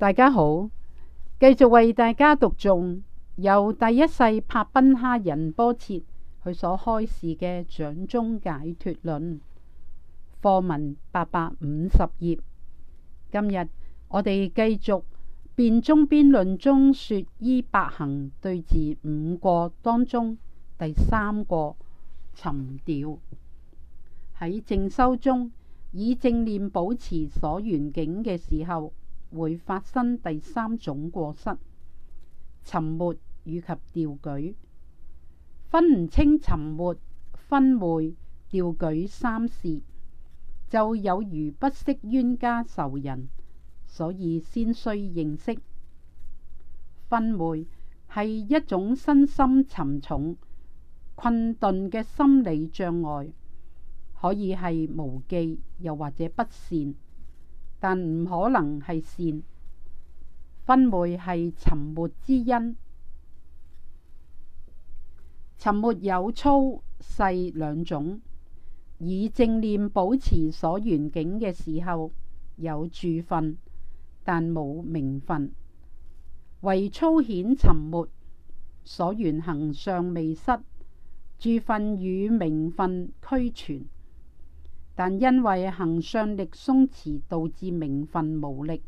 大家好，繼續為大家讀誦由第一世帕賓哈仁波切佢所開示嘅《掌中解脫論》課文八百五十頁。今日我哋繼續辯中辯論中說依八行對治五過當中第三個沉掉，喺正修中以正念保持所緣境嘅時候。會發生第三種過失：沉沒以及掉舉。分唔清沉沒、昏昧、掉舉三事，就有如不識冤家仇人，所以先需認識。昏昧係一種身心沉重、困頓嘅心理障礙，可以係無記又或者不善。但唔可能係善，昏昧係沉沒之因。沉沒有粗細兩種，以正念保持所緣境嘅時候，有住分，但冇名分。為粗顯沉沒，所緣行尚未失，住分與名分俱全。但因為行相力鬆弛，導致名分無力，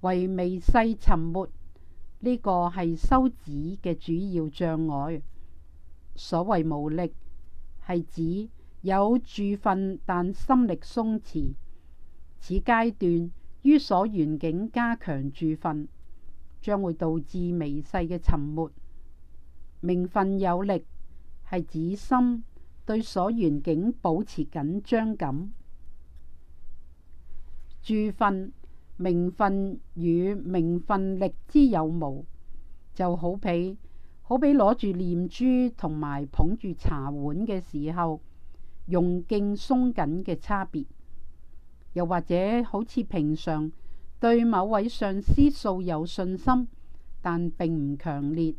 為微細沉沒。呢、這個係修止嘅主要障礙。所謂無力，係指有住分，但心力鬆弛。此階段於所緣境加強住分，將會導致微細嘅沉沒。名分有力，係指心。對所緣境保持緊張感，住分、明分與明分力之有無，就好比好比攞住念珠同埋捧住茶碗嘅時候，用勁鬆緊嘅差別。又或者好似平常對某位上司素有信心，但並唔強烈，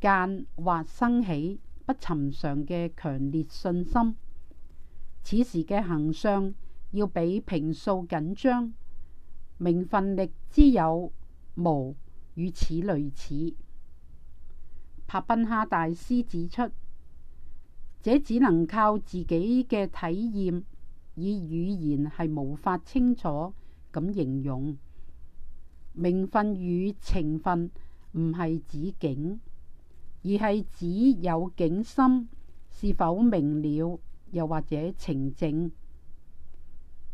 間或生起，不尋常嘅強烈信心，此時嘅行相要比平素緊張，名分力之有無與此類似。帕賓哈大師指出，這只能靠自己嘅體驗，以語言係無法清楚咁形容。名分與情分唔係指境。而係指有境心，是否明了，又或者澄淨？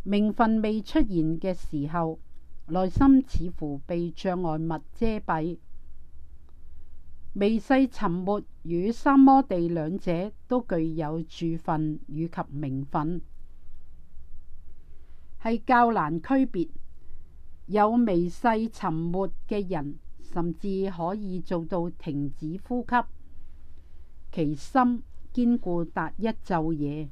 明分未出現嘅時候，內心似乎被障礙物遮蔽。微細沉沒與三摩地兩者都具有住分以及明分，係較難區別。有微細沉沒嘅人。甚至可以做到停止呼吸，其心堅固達一晝夜。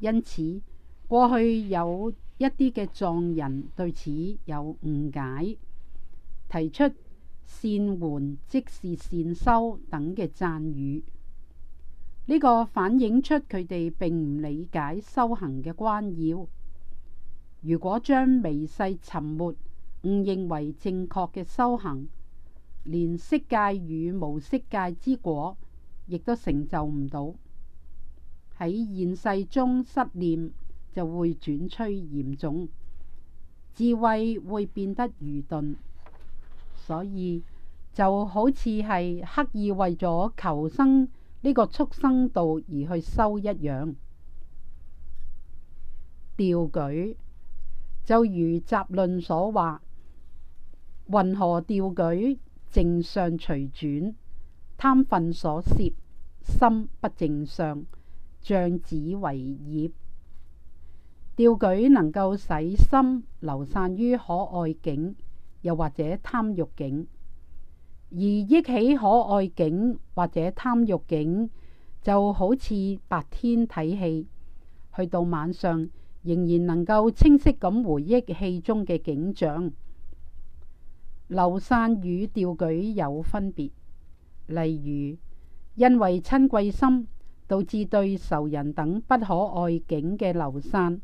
因此，過去有一啲嘅藏人對此有誤解，提出善緩即是善修等嘅讚語。呢、這個反映出佢哋並唔理解修行嘅關要。如果將微細沉沒。誤認為正確嘅修行，連色界與無色界之果，亦都成就唔到。喺現世中失念，就會轉趨嚴重，智慧會變得愚鈍，所以就好似係刻意為咗求生呢個畜生道而去修一樣。掉舉就如雜論所話。雲何掉舉淨相隨轉，貪分所攝，心不靜相，障止為業。掉舉能夠使心流散於可愛境，又或者貪欲境。而憶起可愛境，或者貪欲境，就好似白天睇戲，去到晚上仍然能夠清晰咁回憶戲中嘅景象。流散與掉舉有分別，例如因為親貴心導致對仇人等不可愛境嘅流散，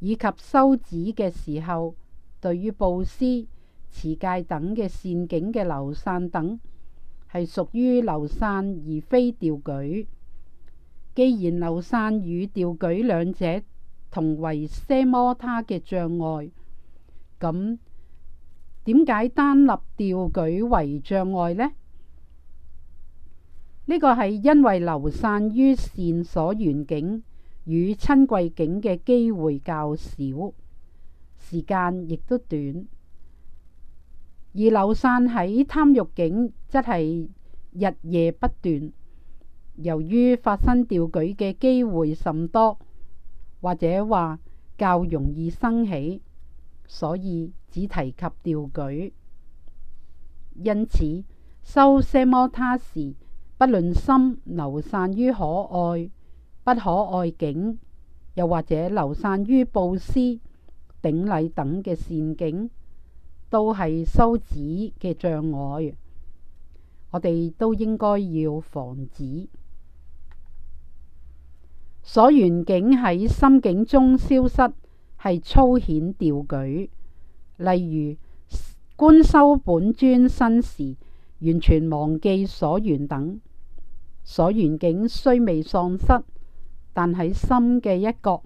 以及修止嘅時候對於布施、持戒等嘅善境嘅流散等，係屬於流散而非掉舉。既然流散與掉舉兩者同為奢摩他嘅障礙，咁。點解單立掉舉為障礙呢？呢個係因為流散於善所緣境與親貴境嘅機會較少，時間亦都短；而流散喺貪欲境，則係日夜不斷。由於發生掉舉嘅機會甚多，或者話較容易生起，所以。只提及掉舉，因此修奢摩他時，不論心流散於可愛、不可愛境，又或者流散於布施、頂禮等嘅善境，都係修止嘅障礙。我哋都應該要防止所緣境喺心境中消失，係粗顯掉舉。例如，觀修本尊身時，完全忘記所緣等，所緣境雖未喪失，但喺心嘅一角，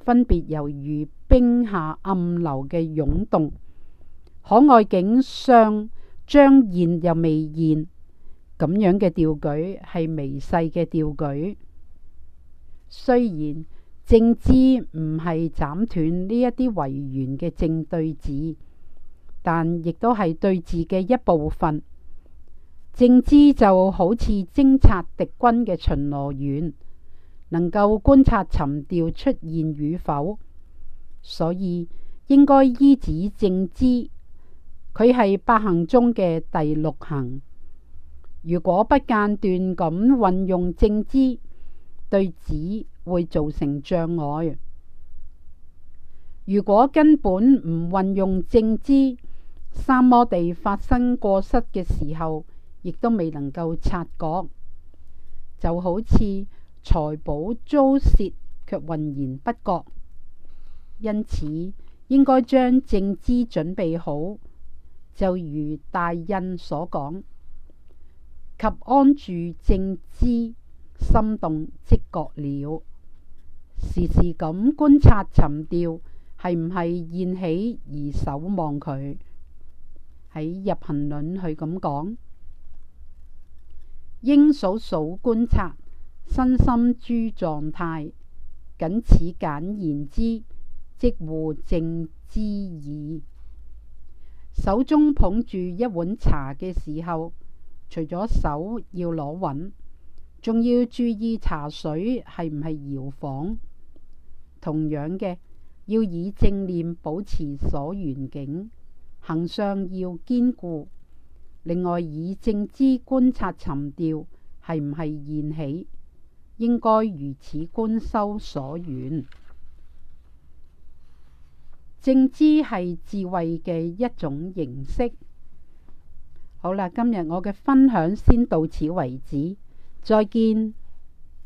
分別猶如冰下暗流嘅湧動。可愛景相將現又未現，咁樣嘅掉舉係微細嘅掉舉，雖然。政知唔係斬斷呢一啲違緣嘅正對治，但亦都係對治嘅一部分。政知就好似偵察敵軍嘅巡邏員，能夠觀察沉掉出現與否，所以應該依止政知，佢係八行中嘅第六行。如果不間斷咁運用政知對治。會造成障礙。如果根本唔運用正知，三摩地發生過失嘅時候，亦都未能夠察覺，就好似財寶遭竊卻渾然不覺。因此，應該將正知準備好，就如大印所講，及安住正知，心動即覺了。時時咁觀察沉掉係唔係現起？而守望佢。喺入行論去咁講，應數數觀察身心諸狀態，僅此簡言之，即乎正知矣。手中捧住一碗茶嘅時候，除咗手要攞穩，仲要注意茶水係唔係搖晃。同樣嘅，要以正念保持所願境，行相要堅固。另外，以正知觀察沉掉，係唔係現起？應該如此觀修所願。正知係智慧嘅一種形式。好啦，今日我嘅分享先到此為止，再見。